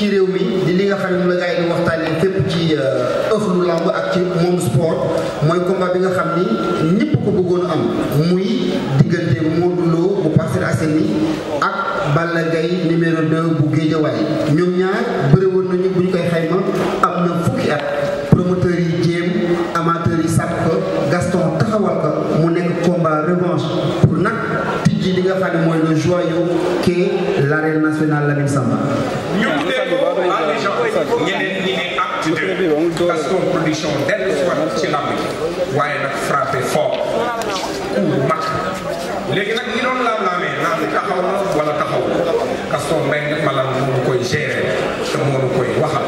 ci réew mi di li nga xam ne moom la gars yi di waxtaanee fépp ci euh, ëxlu lamb ak ci moom sport mooy combat bi nga xam ni ñëpp ko bëggoon am muy diggante Modou Lo bu Parcelles Assainies ak Balla Gaye numéro 2 bu Guédiawaye ñoom ñaar bëri nañu bu ñu koy xayma. ambition dellu si waat ci làmb ji waaye nag frappé fort ku mag léegi nag ñi doon laam-laamee naan taxaw na wala taxaw Gaston Mbengue malam moo koy gérer te moo ñu koy waxal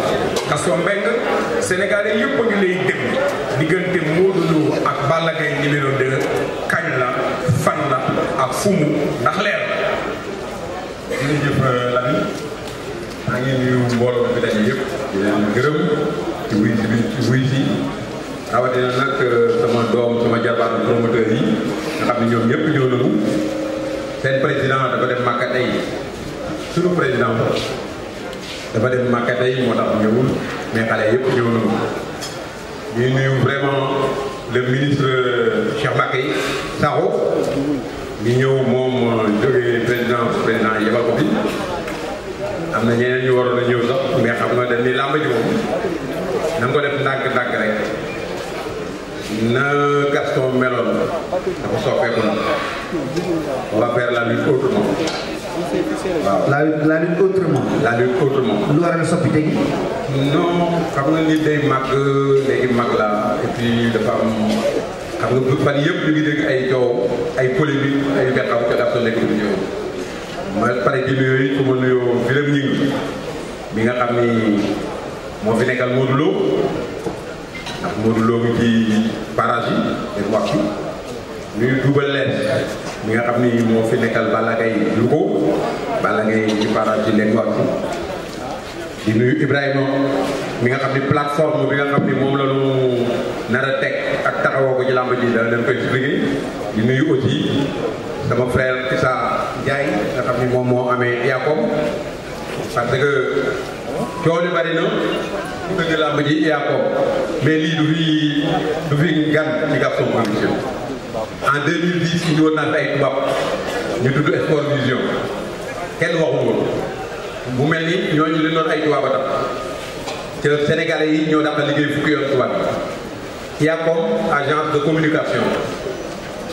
Gaston Mbengue sénégalais yëpp a lay déglu diggante Modou Lo ak Balla Gaye numéro 2 kañ la fan la ak fu mu ndax leer jërëjëf euh, Lamine maa ngi bi daje yëpp di leen gërëm ci wuy si bi wuy si rawatina nag euh, sama doom sama jarbaatu promoteur yi nga xam ne ñoom ñëpp ñëw nañu seen président dafa dem Màkka tey président dafa dem Màkka tey moo tax ñëwul mais xale yëpp ñëw nañu ñu nuyu vraiment le ministre euh, Cheikh Mbacké Sakho ñu ñëw moom euh, jógee président président yebal ko fi am na ñeneen ñu waroon a ñëw sax mais xam nga dañ ni làmb ji na def ndànk-ndànk rek na Gaston meloon dafa soppeeku na on va faire la lutte autrement waaw la la lutte autrement. la lutte autrement. lu waral soppite xam nga ni day mag léegi mag la et dafa am xam nga fan yëpp ñu ngi ay coow ay polémique ay gàttal ca Gaston nekk du ñëw ma pare ci nuyoo yi su ma nuyoo Birame Gningue mi nga xam ni. moo fi nekkal Modou Lo ndax Modou Lo bi ci barrage yi dañ leen mi nga xam ni moo fi nekkal Balla Gaye lu ko Balla ci barrage leen wax di nuyu Ibrahima mi nga xam ni plateforme bi nga xam ni moom la ñu nar teg ak taxawoo ko ci làmb ji da leen koy expliqué di nuyu aussi sama frère Issa Ndiaye nga xam ni moom moo amee Yacob parce que coow li bari na ku làmb ji yaa ko lii du fi du fi gan ci Gaston Production en 2010 ñëwoon naa fi ay tubaab ñu tudd Sport Vision kenn waxu bu mel ni ñooñu li doon ay tubaab tax te Sénégalais yi ñoo dafa liggéey fukki yoon tubaab yi yaa ko de communication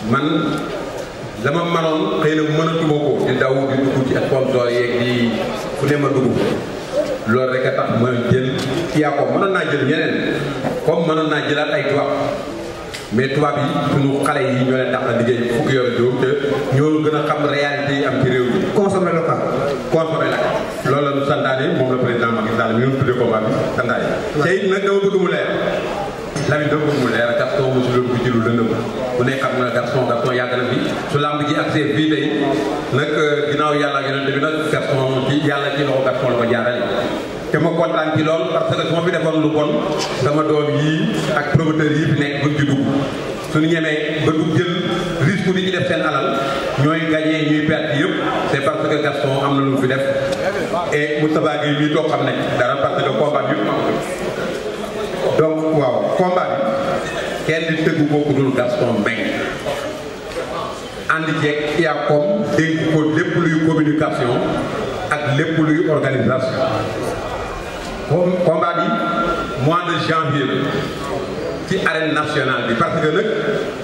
man la ma manoon xëy na mënatuma ko di daw di dugg ci sponsor yeeg di fu ne ma dugg loolu rek a tax ma jël kiyaa ko mënoon naa jël ñeneen comme mënoon naa jëlaat ay tubaab mais tubaab yi suñu xale yi ñoo leen tax a liggéey fukki yoon juróom te ñoo gën a xam réalité am ci réew mi. consommer local. consommer la ñu santaane moom la président Macky Sall mi ngi tuddee combat bi santaane. te it nag dama bëgg mu leer. Lamine dama bëgg mu leer Gaston mosu doon ko jëlu lëndëm bu ne xam na Gaston Gaston yàgg na fi su lamb ji ak seef bii tey nag euh, ginnaaw yàlla ak yonent bi Gaston ci yàlla ci loxo Gaston te ma kontaan ci lool parce que su ma fi defoon lu bon sama doom yii ak promoteur yi fi nekk buñ ci dugg suñu ñemee ba dugg jël risque ni ci def seen alal ñooy gagné ñuy perte yëpp c'est parce que Gaston am na lu mu fi def et Moustapha Gueye mii toog xam ne dara parce que combat bi yëpp donc waaw combat bi kenn tëggu ko ku dul Gaston Mbengue ànd ceeg IACOM ko lépp luy communication ak lépp luy organisation combat bi mois de janvier ci arène nationale bi parce que nag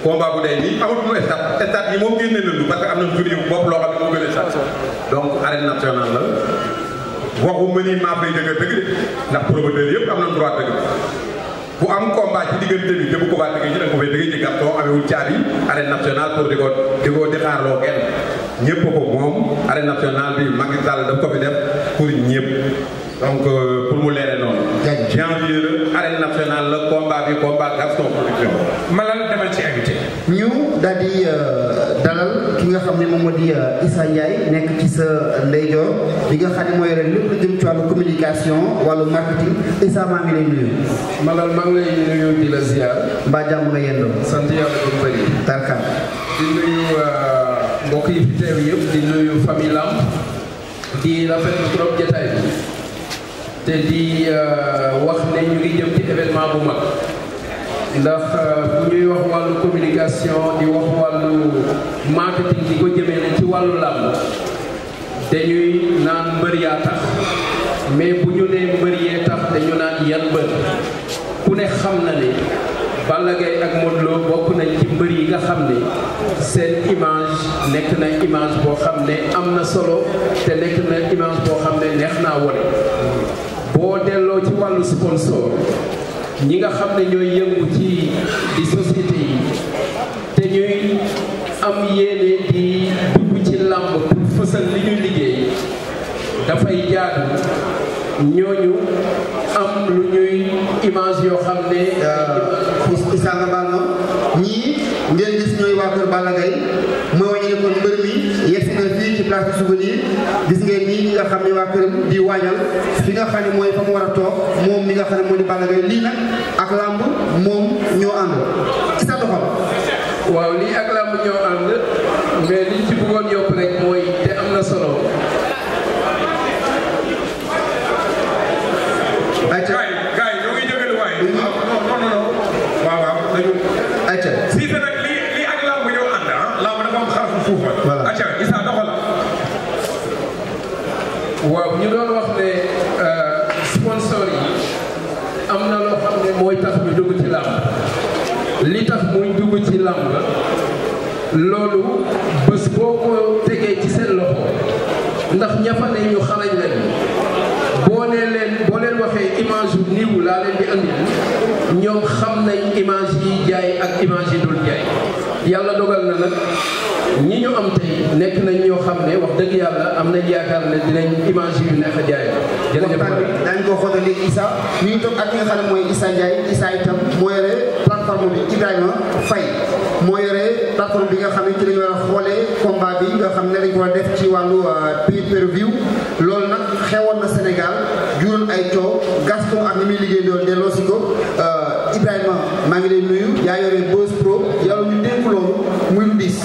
combat bu day nii amatul stade stade yi moom génne nañu parce que am na jur bopp loo xam ne moo gën a stade donc arène nationale la waxu ma ni maa fay dëgg dëgg ndax promoteur yëpp am na droit dëgg bu am combat ci diggante bi te bu ko baatee ci da nga ko fay dëgg ci gàttoo amewul caabi arène pour di ko di ko di kenn ñëpp ko moom arène nationale janvier la arène nationale la combat bi Malal demal ci invité. ñu daal euh, dalal ki nga xam ne moom moo di euh, Issa Ndiaye nekk ci sa ndeyjoor bi nga xam ne mooy ren lu jëm ci wàllu communication wàllu marketing Issa maa ngi lay nuyu. Malal maa lay nuyu di la ziar. mbaa jàmm nga yendoo. sant yàlla bu bëri. tarkam di nuyu euh, mbokk yi fi teew yëpp di nuyu famille Lam di rafetlu trop jotaay bi. te di euh, wax ne ñu ngi jëm ci événement bu mag ndax bu euh, ñuy wax wàllu communication di wax wàllu marketing di ko jëmee ne ci wàllu làmb dañuy naan mbër yaa tax mais bu ñu nee mbër yee tax dañu naan yan mbër ku ne xam na ne Balla Gaye ak Modou bokk nañ ci mbër yi nga xam ne seen image nekk na image boo xam ne am na solo te nekk na image boo xam ne neex naa wone boo delloo ci wàllu sponsor ñi nga xam ne ñooy yëngu ci di société yi te ñuy am yéene di dugg ci làmb pour fësal li ñuy liggéey dafay yi ñooñu am lu ñuy image yoo xam ne. Euh, Isaana Balla ñii ngeen gis ñooy waa Kër Balla place du souvenir gis ngeen nii nga xam ne waa këram di waajal fi nga xam mooy fa mu war a toog moom mi nga xam ne moo di Balla Gaye lii nag ak làmb moom ñoo ànd isa doxal waaw lii ak làmb ñoo ànd mais liñ ci bëggoon yokk loolu bés boo ko tegee ci seen loxo ndax ñafa ne ñu leen boo nee leen boo leen waxee image yu niiw laa leen di andi ñoom xam nañ image yi jaay ak image yi dul jaay yàlla dogal na nag ñi ñu am tey nekk nañ ñoo xam ne wax dëgg yàlla am nañ yaakaar ne dinañ image yu neex a jaay jërëjëf waxtaan bi daañu ko xoolal léegi Issa mi ngi toog ak ki nga xam ne mooy Issa Ndiaye Issa itam moo yore plateforme bi Ibrahima moo yore plateforme bi nga xam ne ci lañu war a bi nga xam ne dañ ko war def ci wàllu euh, pay per view loolu nag xewoon na Sénégal juróon ay coow Gaston ak ni muy liggéey doon delloo si ko euh, Ibrahima maa ngi leen nuyu yaa yore Buzz Pro yow ñu dénk loolu muy lu diis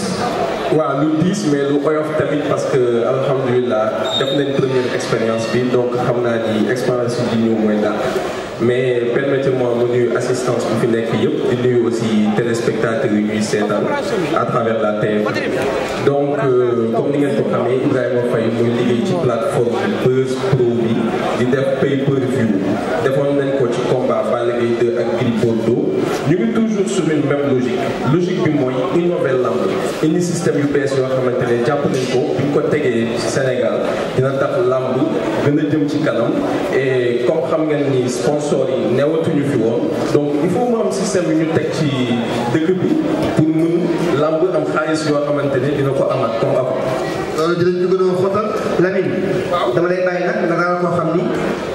waaw lu diis lu oyof tamit parce que alhamdulilah def nañ première expérience bi donc xam naa ni expérience bi ñëw mooy daal mais permettez-moi ma nuyu assistance bu fi nekk yëpp di nuyu aussi téléspectateurs yi ñuy seetaan à travers la TFM donc euh, comme ni ngeen ko xamee Ibrahima Faye muy liggéey ci plateforme Buzz Pro bi di def pay view defoon nañ ko ci combat Balla Gaye 2 ak Gris Bordeaux ñu toujours sur une même logique logique bi mooy innover lamb indi système yu bees yoo xamante ne jàpp nañ ko bu ñu ko tegee ci Sénégal dina tax làmb gën a jëm ci kanam et comme xam ngeen ni sponsor yi newatuñu fi woon donc il faut mu am système yu ñu teg ci dëkk bi pour mun làmb am xaalis yoo xamante ne dina ko amat comme avant. loolu euh, dinañ ko gën a xóotal Lamine. dama lay bàyyi nag nga daal xam ni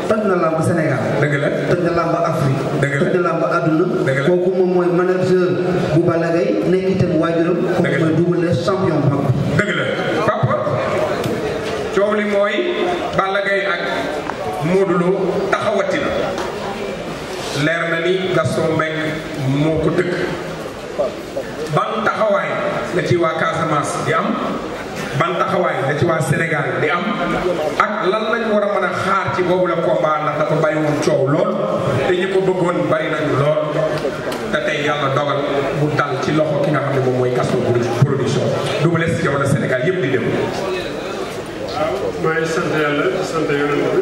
toj na làmb Sénégal. dëgg la toj na làmb Afrique. dëgg la toj na làmb àdduna. li mooy Balla Gaye ak Modou Lo taxawati na leer na ni Gaston Mbengue moo ko tëkk ban taxawaay la ci waa Casamance di am ban taxawaay la ci waa Sénégal di am ak lan lañ war a mën a xaar ci boobu la combat ndax dafa bari woon coow lool te ñi bëggoon bari nañu lool te tey yàlla dogal mu dal ci loxo ki nga xam ne moom mooy Gaston production Double Less yow la Sénégal yëpp di dem. waaw maa ngi sant yàlla di sant yonent bi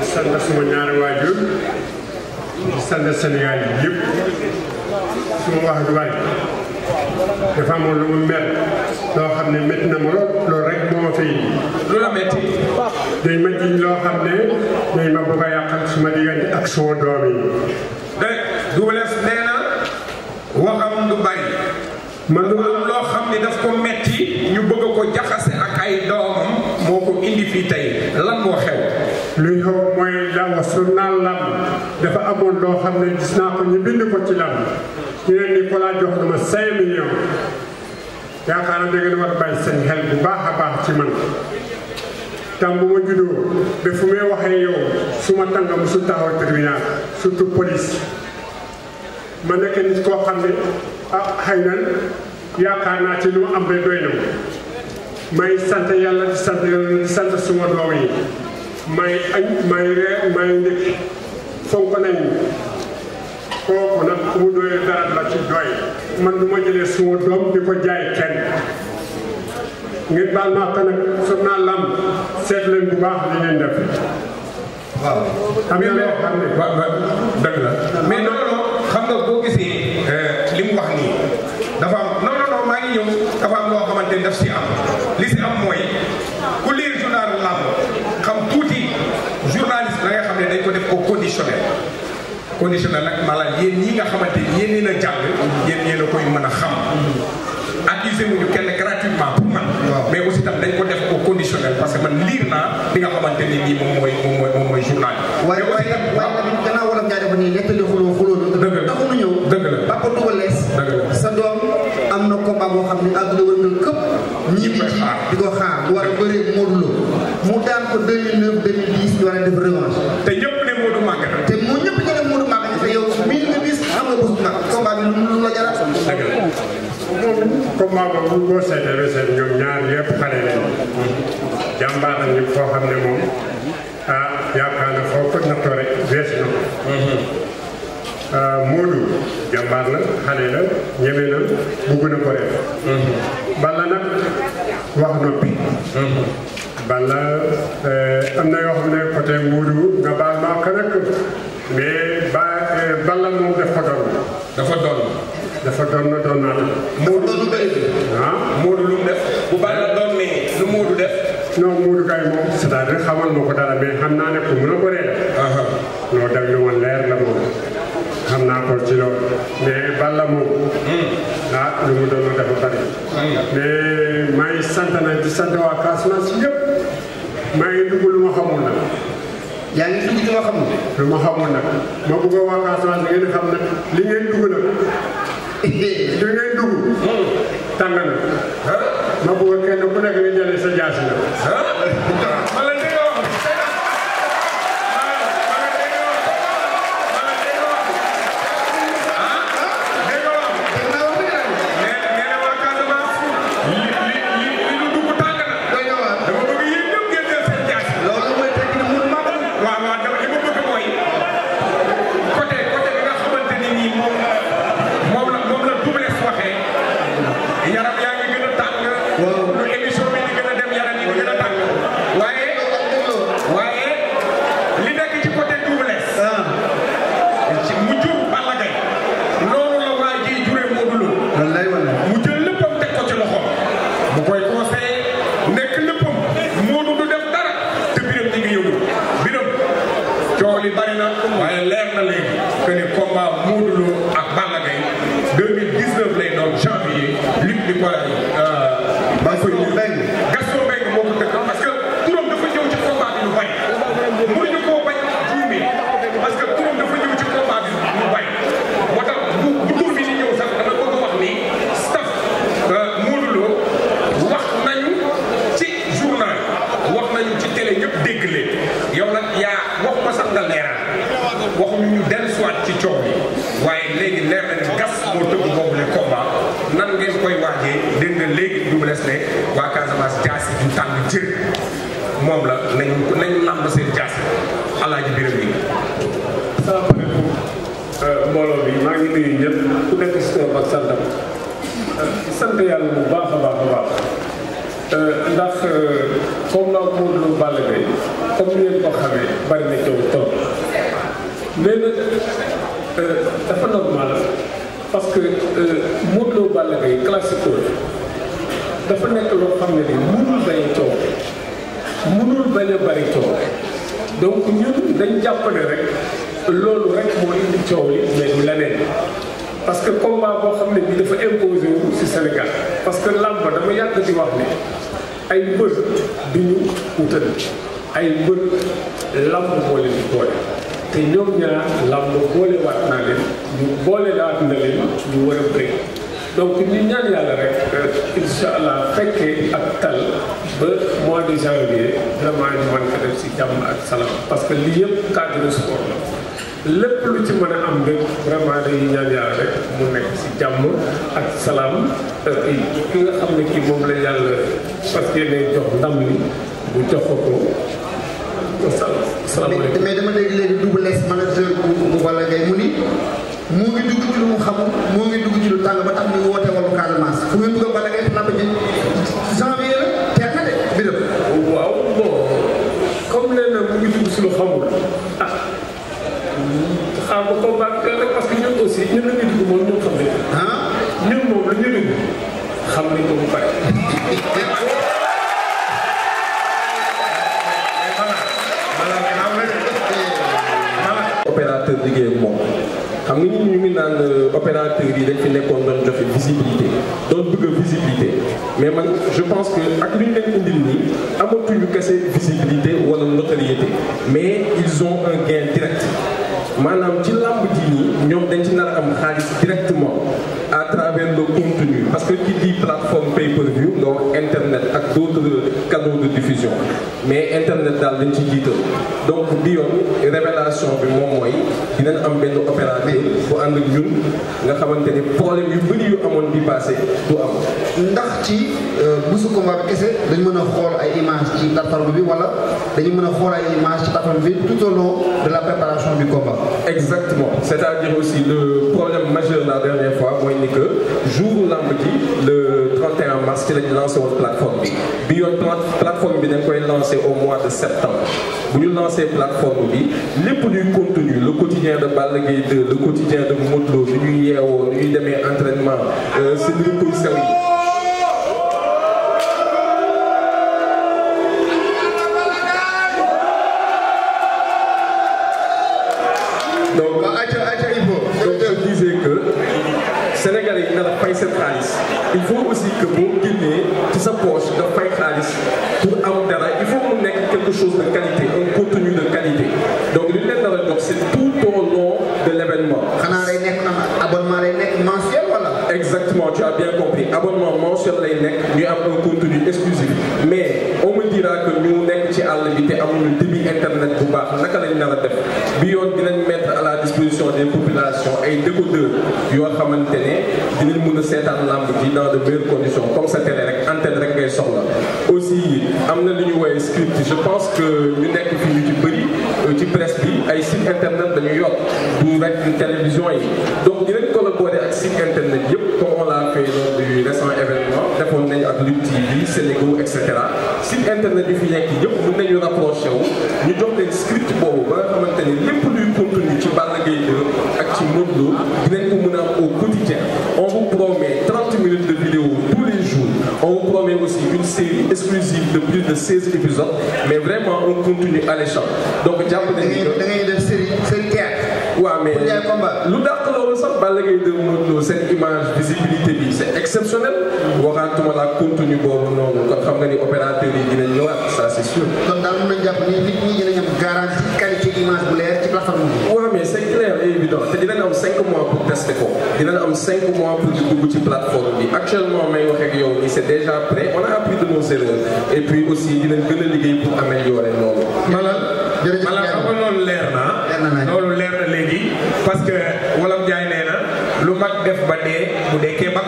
di sant suma ñaari waajur di sant Sénégal suma wax du bari dafa lu mu mel loo xam ne métti na ma lool rek moo ma lu la métti dañ ma jiñ loo xam ne dañ ma bëgg a yàqal suma diggante ak suma doom yi rek loo xam ne daf ko metti ñu bëgg ko jaxase ak ay doomam moo ko indi fii tey lan moo xew luy xew mooy làmb surnaal làmb dafa amoon loo xam ne gis naa ko ñu bind ko ci làmb ñu ne ni jox na ma cinq yaakaar na a bàyyi seen xel bu baax a baax ci man ma juddoo ba ma tànga musu taxaw tribunal surtout police ma nekk nit koo xam ne ah, na ci lu am ba doy na may sant yàlla di sant yàlla di sant suma doom may may reer may ndékk fonk nag ku mu doyee la ci doy man du ma jëlee suma doom di ko jaay kenn ngir baal ma ko nag naa lam seet leen baax li ngeen def waaw xam nga loo ne waaw waaw dëgg la mais xam nga boo gisee euh, li mu wax nii maa ngi ñëw dafa am loo xamante ni daf si am li si am mooy ku lire journalu làmb xam nga xam ne dañ ko def au conditionnel conditionnel nag maanaam yéen ñi nga xamante ni yéen a jàng yéen yéen a koy man a xam accusé wuñu kenn gratuitement pour man mais aussi tam dañ ko def ko conditionnel parce que man lire naa li nga xamante ni nii moom mooy moom waaye waaye waaye gannaaw wala ñaa dafa nii nettali xuloo que 2009 2010 ñu war a def revanche. te ñëpp ne Modou Manga la. te mu ñëpp ñu ne Modou Manga la te yow mille nga gis xam nga bés bu mag combat bi lu lu la jaral. dëgg la combat boobu boo seetloo seen ñoom ñaar yëpp xale lañu jàmbaar nañu foo xam ne moom ah yaakaar na foo ko nattoo rek weesu na ko. Mhm. Ah, Modou jàmbaar la xale la ñeme na bëgg na ko def. Mhm. Balla nag wax noppi. Mhm. bala eh, am na yoo xam ne ko rek mais ba eh, bala moom dafa doon. dafa lu mu def. ah Moodu lu moom cest à xamal ma ko dara mais xam naa ne ku a bëree la. non daglu ma leer la moom. xam naa ko ci loolu mais bala moom. Hmm. ah lu mu doon dafa bari. Hmm. mais may sant na di sant waa Casamance yëpp. maa ngi dugg lu ma xamul nag. yaa ngi dugg lu ma xamul. lu ma xamul nag ma bëgg a waa Casamance ngeen xam nag li ngeen dugg nag. li ngeen dugg. Hmm. tàng na. ma bëgg kenn ku nekk nga jëlee sa jaasi nag. gis ne waa Casamance jaas yi ñu tàng moom la nañ nañu làmb seen jaas yi alaaji biram yi sama pare euh, mbooloo bi maa ngi nuyu ñëpp ku nekk si toog ak santam euh, sant yàlla bu baax baax baax euh, ndax comme naa Modou Lo Balla Gaye comme ni ngeen ko bari na coow toog mais nag dafa normal parce que Modou Lo Balla Gaye classique dafa nekk loo xam ne bi mënul bañ a coow mënul bañ a bari coow donc ñun dañ jàppale rek loolu rek moo indi coow li mais leneen parce que combat boo xam ne bi dafa imposé wu si Sénégal parce que làmb dama yàgg di wax ne ay mbër du ñu wutal ay mbër làmb moo leen boole te ñoom ñaar làmb boolewaat naa leen ñu boole daat na ñu war a bëri donc ñu ñaan yàlla rek incha fekkee ak tal ba mois de janvier vraiment ñu mën ko def si jàmm ak salaam parce que lii yëpp cadre sport la lépp lu ci mën a am rek vraiment dañuy ñaan yàlla rek mu nekk si jàmm ak salaam euh, ki nga xam ne kii moom la yàlla parce que yéen jox ndam li bu jox ko ko. salaamaaleykum mais dama dégg léegi double S manager bu wala ngay mu ni moo ngi dugg lu mu xamul moo ngi dugg ci lu tàng ba tax ñu woote wàllu Casamance fu ngeen bëgg a bala ngay napp ji janvier la teel na de biram waaw bon comme nee na mu ngi dugg ci lu xamul ah xam nga comme baag rek parce que ñun aussi ñun la ñuy xam ne ah? ko bu pare. naan euh, opérateur yi dañ fi nekkoon doon joxe visibilité doon bëgg visibilité mais man je pense que ak li ñu leen indil nii amatuñu kese visibilité wala notoriété mais ils ont un gain direct maanaam ci làmb ji ñoom dañ ci nar a am xaalis directement à travers le contenu parce que qui dit plateforme pay per ak d'autres canaux de diffusion mais internet daal lañ ci jiital donc bi yoon révélation bi moom mooy dinañ am benn opérateur bu ànd ak ñun nga xamante ni problème yu bëri yu amoon bi passé du am ndax ci euh, bésu combat bi kese dañ mën a xool ay image ci plateforme bi wala dañu mën a xool ay image ci plateforme bi tout au long de la préparation du combat exactement c'est-à-dire aussi le problème majeur la dernière fois mooy ni que jour lamb ji 21 mars ci lañu lancé woon plateforme bi bi yoon plateforme bi dañ koy lancé au mois de septembre bu ñu lancé plateforme bi lépp luy contenu le quotidien de Balla Gaye 2 le quotidien de Modou nu ñuy yeewoo nu demee entraînement si luy koy exactement tu bien compris abonnement mensuel lay nekk ñu am un contenu exclusif mais on me dira que ñu nekk ci àll bi te amuñu débit internet bu baax naka lañ nar a def bi yoon dinañ mettre à la disposition des populations ay décodeurs yoo xamante ne dinañ mun a seetaan lamb ji dans de meilleures conditions comme sa télé rek antenne rek ngay soxla aussi am na li ñu woowee script je pense que ñu nekk fii ñu ci bëri euh, ci presse bi ay site internet dañu yokk yi donc dinañ collaborer ak comme on l'a fait lors du récent événement defoon nañu ak TV Sénégo et site internet yi fi nekk yëpp mën nañu rapproché wu ñu jox leen script boobu ba nga xamante ni lépp luy contenu ci Balla Gaye 2 ak ci Modou Lo dinañ a am au quotidien on vous promet 30 minutes de vidéo tous les jours on vous promet aussi une série exclusive de plus de 16 épisodes mais vraiment un contenu alléchant donc jàpp nañu que da ngay def série série lu dàq Balla Gaye 2 Modou Lo seen image visibilité bi c'est exceptionnel waxaatuma la contenu boobu noonu kon xam nga ni opérateur yi dinañ ñëwaat ça c'est sûr. kon daal mën nañ jàpp ni nit ñi dinañ am garantie qualité image bu am 5 mois pour tester ko dinañ am 5 mois pour di dugg ci plateforme bi actuellement may wax ak yow ni c'est déjà prêt on a appris de aussi dinañ a liggéey pour améliorer loolu. jërëjëf Malal Malal xam leer na. leer leer na léegi parce que wolof jaay ne. lu mat def ba dee bu dekkee mag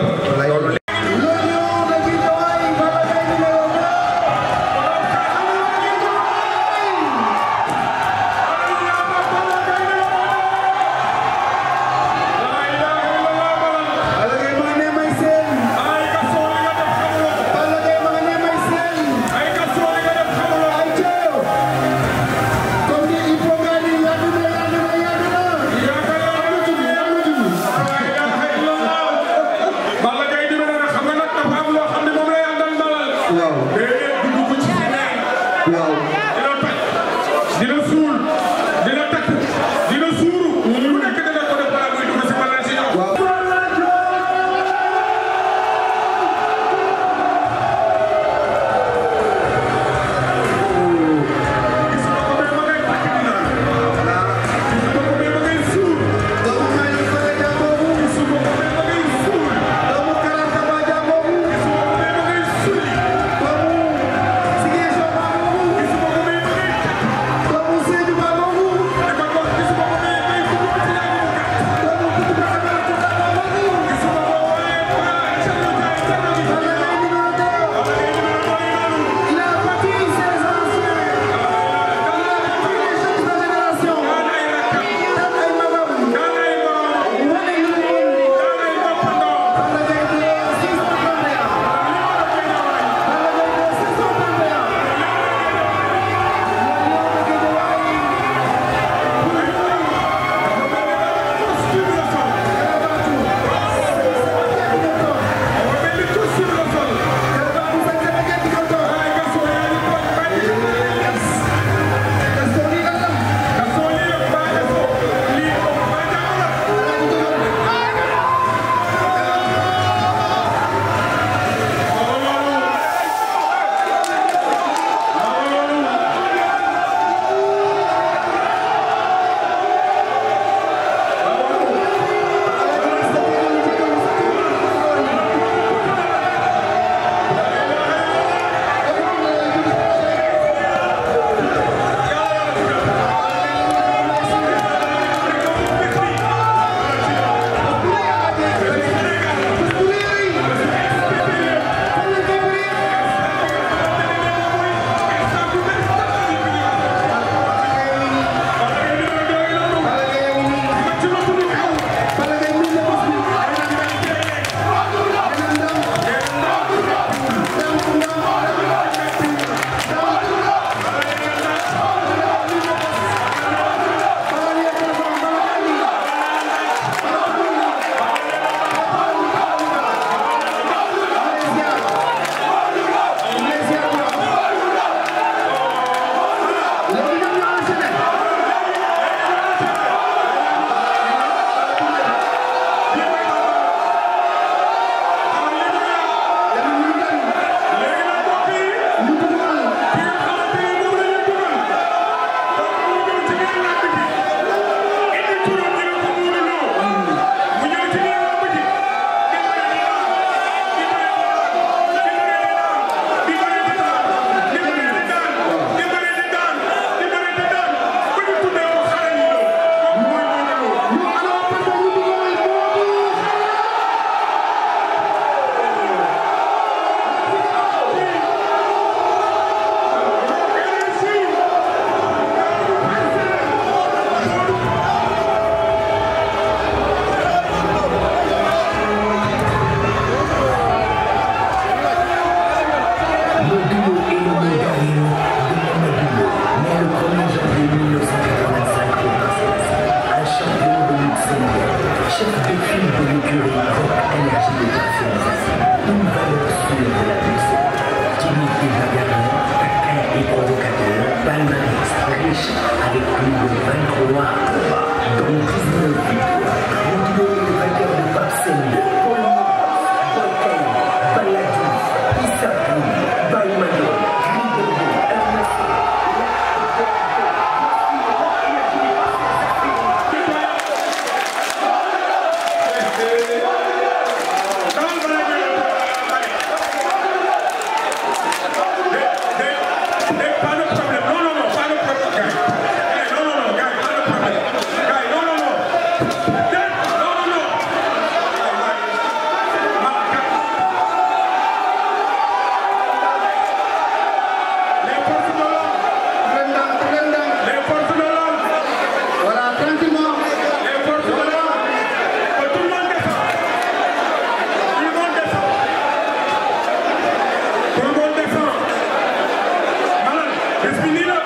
bis bi nii la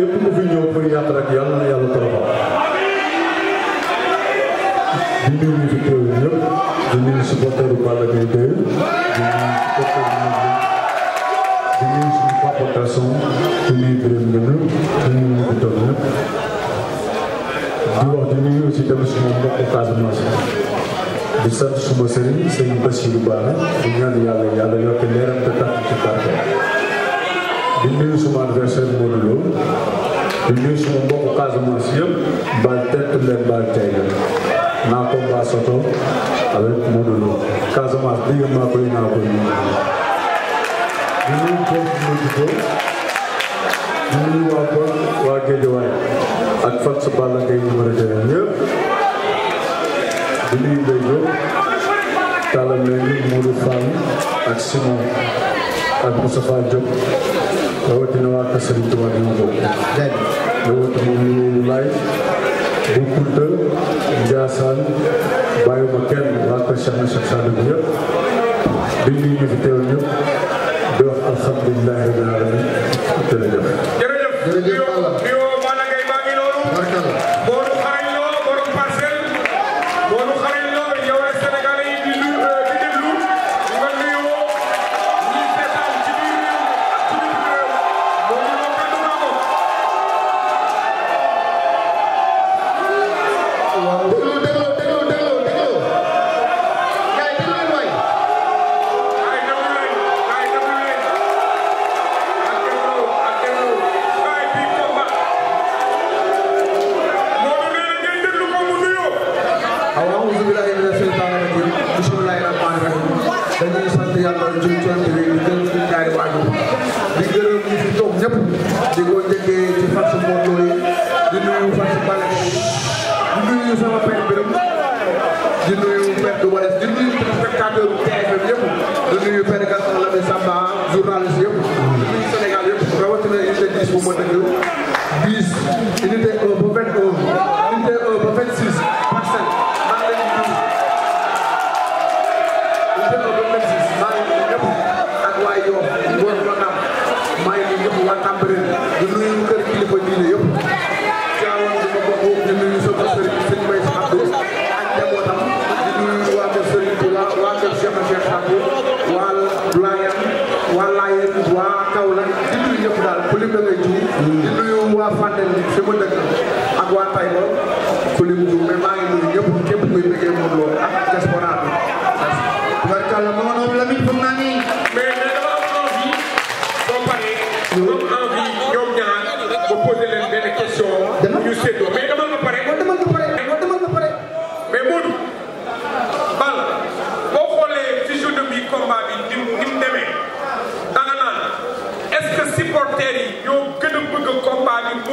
képp ku fi ñëw pour yàq rek yàlla na yàlla toroxal di nuyu ñu fi teew ñëpp di nuyu supporteru Balla Gaye 2 di nuyu supporteru di nuyu suñu papa Gasson di nuyu Birame Mbène di nuyu ñu fi toog ñëpp di wax di nuyu aussi tamit suñu mbokku Casamance di sant suma sëriñ sëriñ Bassirou Ba di nuyu suñu mbokku Casamance yëpp baal tëdd leen baal tey naa ko mbaa soto avec Modou Lo Casamance bi nga koy naa koy ñu di nuyu foofu ma juddoo di nuyu waa Bon waa Guédiawaye ak Fax Balla Gaye numéro deux yëpp di nuyu Mbaye Diop Talla Mendy Modou Fall ak Simon ak Moustapha Diop rawatina waa kër Sëriñ Tuuba bi ma bokk. rawatina ñu ngi lay bu Kunta Njaasaan bàyyi ma kenn waa kër Cheikh na Cheikh Saadu bi yëpp di nuyu ñu fi teew ñëpp di wax alhamdulilah rabbil alamin jërëjëf. jërëjëf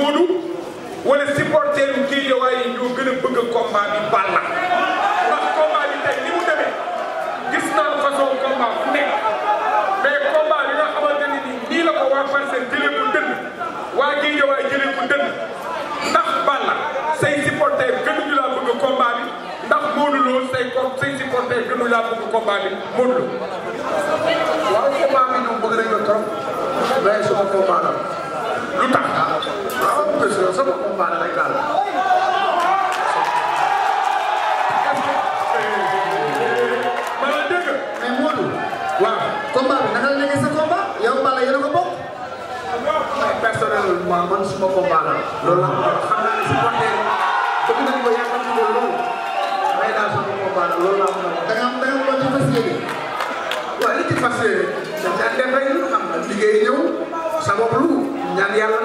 Modou wala supporter yu Guédiawaye yi ñoo gën a bëgg combat bi Balla ndax combat bi tey ni mu demee gis naa façon combat bu nekk mais combat bi nga xamante ni nii la ko waa Parcelles jëlee ko dënn waa Guédiawaye jëlee ko dënn ndax Balla say supporter gënuñu laa bëgg combat bi ndax Modou Lo say say supporter gënuñu laa bëgg combat bi Modou Lo. waaw combat bi ñoom bëgg nañ ko trop mais sama combat la lu 그래서 서로 말하는 거 combat bi naka la nekkee sa combat yow Balla yéen a ko bokk. personnellement man suma combat la loolu la xam naa ne supporter bëgg nañ ko yàggal ci loolu may daal sama combat la loolu laa ko da nga am da nga am ci fas yéene. waaye li ci fas yéene dañ caa dem rek ñu xam liggéey ñëw sabablu ñaan yàlla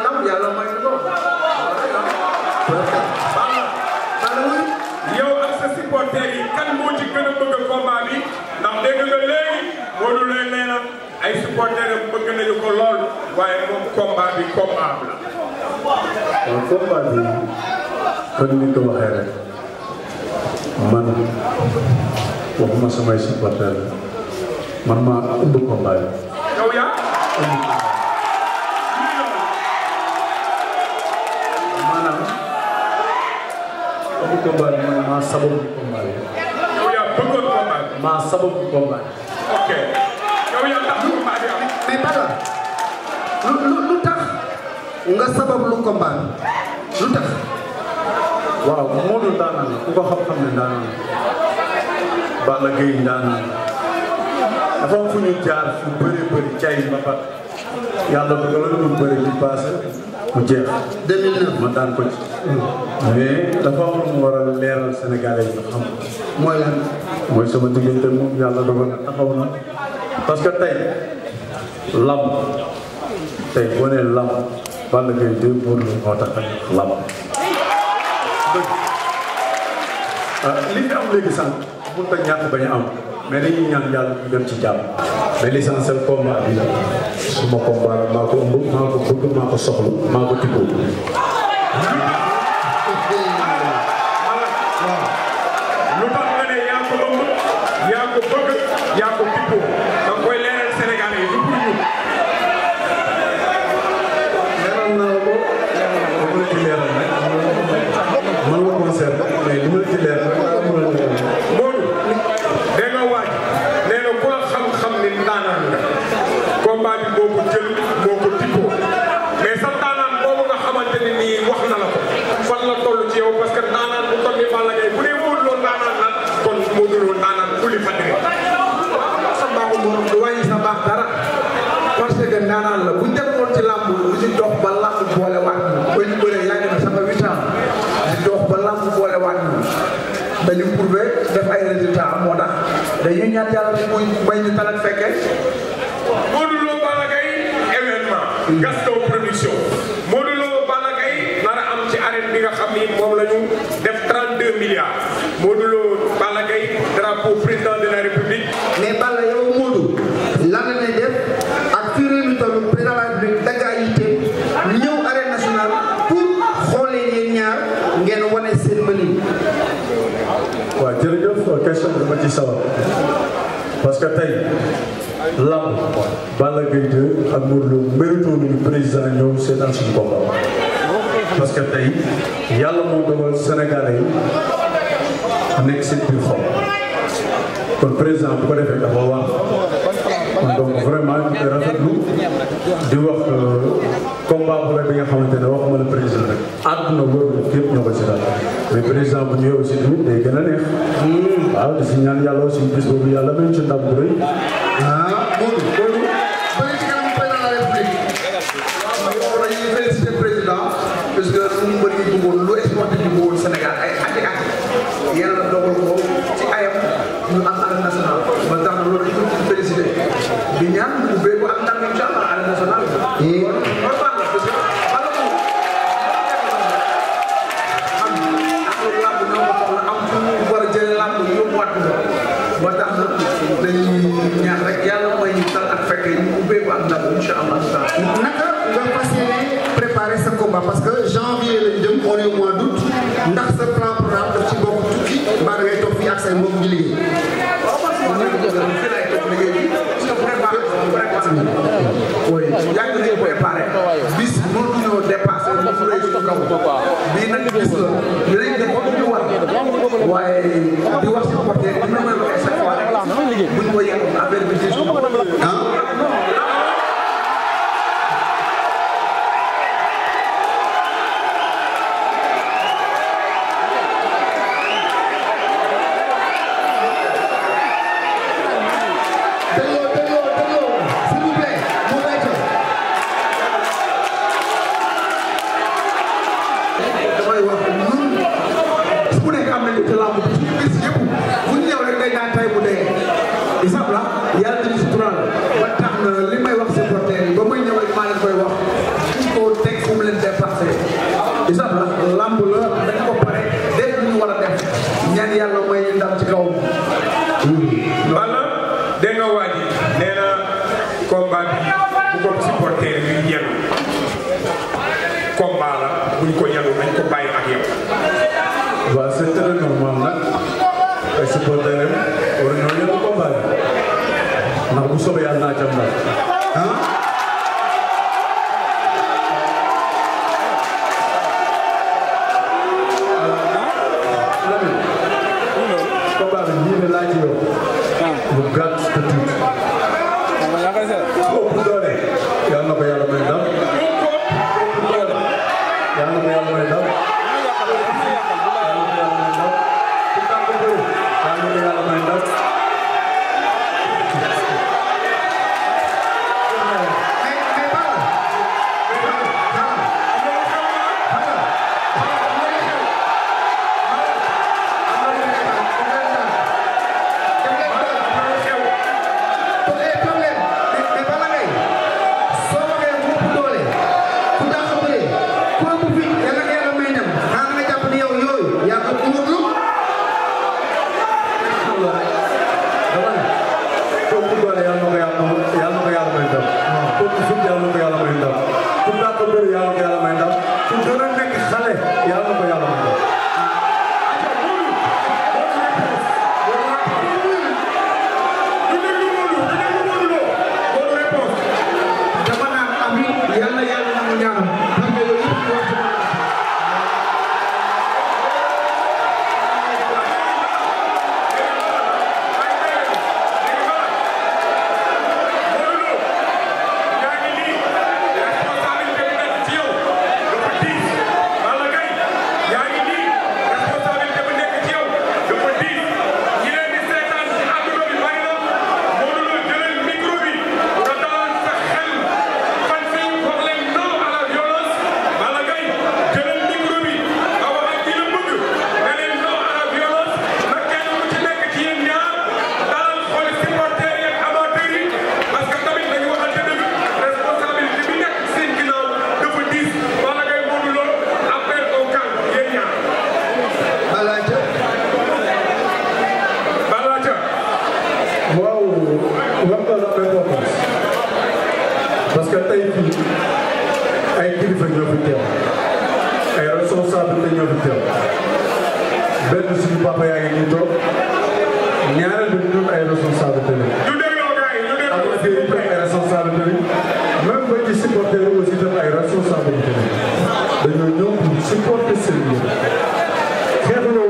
supporters yi kan moo ci gën a bëgg combat bi ndax dégg nga léegi Modou Lo nee na ay supporters am bëgg nañu ko lool waaye moom combat bi combat la. waaw combat bi comme ni ko waxee rek man waxuma samay supporters man maa ëmb combat bi. yow yaa. maanaam ëmb combat bi man maa sabab bi. yow yaa bëggoon combat bi. maa sababu combat bi. ok yow yaa tax combat bi am. mais Balla lu lu lu tax nga sababu lu combat bi lu tax. waaw Modou ndaanaan la ku ko xam-xam ne ndaanaan la Balla Gaye ndaanaan la dafa am fu ñu jaar fu bëri bëri cay ma pat yàlla bu gën a bëri bi passé mu jeex. 2009 ma daan ko ci. dafa am mu war a leeral Sénégalais yi xam mooy mooy sama diggante moom yàlla dogal na taxaw na parce que tey lamb tey boo nee lamb Balla Gaye deux buur la moo tax ak ah, li fi am léegi sànq mënut a ñàkk bañ a am. mais dañuy ñaan yàlla ñu dem ci jàmm mais l'essentiel a bi la suma combat maa ko ëmb maa ko bëgg maa ko soxla maa ko tibboo dañuy ñaan yàlla muy may ñu talal fekkee. Modou Lo Balla Gaye événement. Gaston production. Modou Lo Balla Gaye nar am ci arène bi nga xam ni moom la ñu def 32 milliards Modou Lo Balla tey lamb Balla Gaye 2 ak Modou Lo mérito nañu président ñëw seetaan suñu combat parce que tey yàlla moo dogal Sénégalais yi nekk seen biir xol kon président bu ko defee dafa war kon donc vraiment ñu koy rafetlu di wax euh, combat bu rek bi nga def yëpp ñoo koy seetaan mais président bu ñëwee aussi tamit day a neex. Hmm. waaw di si ñaan yàlla aussi bis boobu yàlla ci ndam bu waaye di wax supporter dina may wax chaque fois rek buñ ko yëg affaire bi ci suuf responsable la ñoo fi teew benn suñu papa yaa ngi nii toog ñaareel bi ñun ay responsable lañ. ñu dégloo gars yi ñu dégloo gars yi ay responsable lañ même ba ci supporter yi aussi tam ay responsable lañ dañoo ñëw pour supporter seen yëpp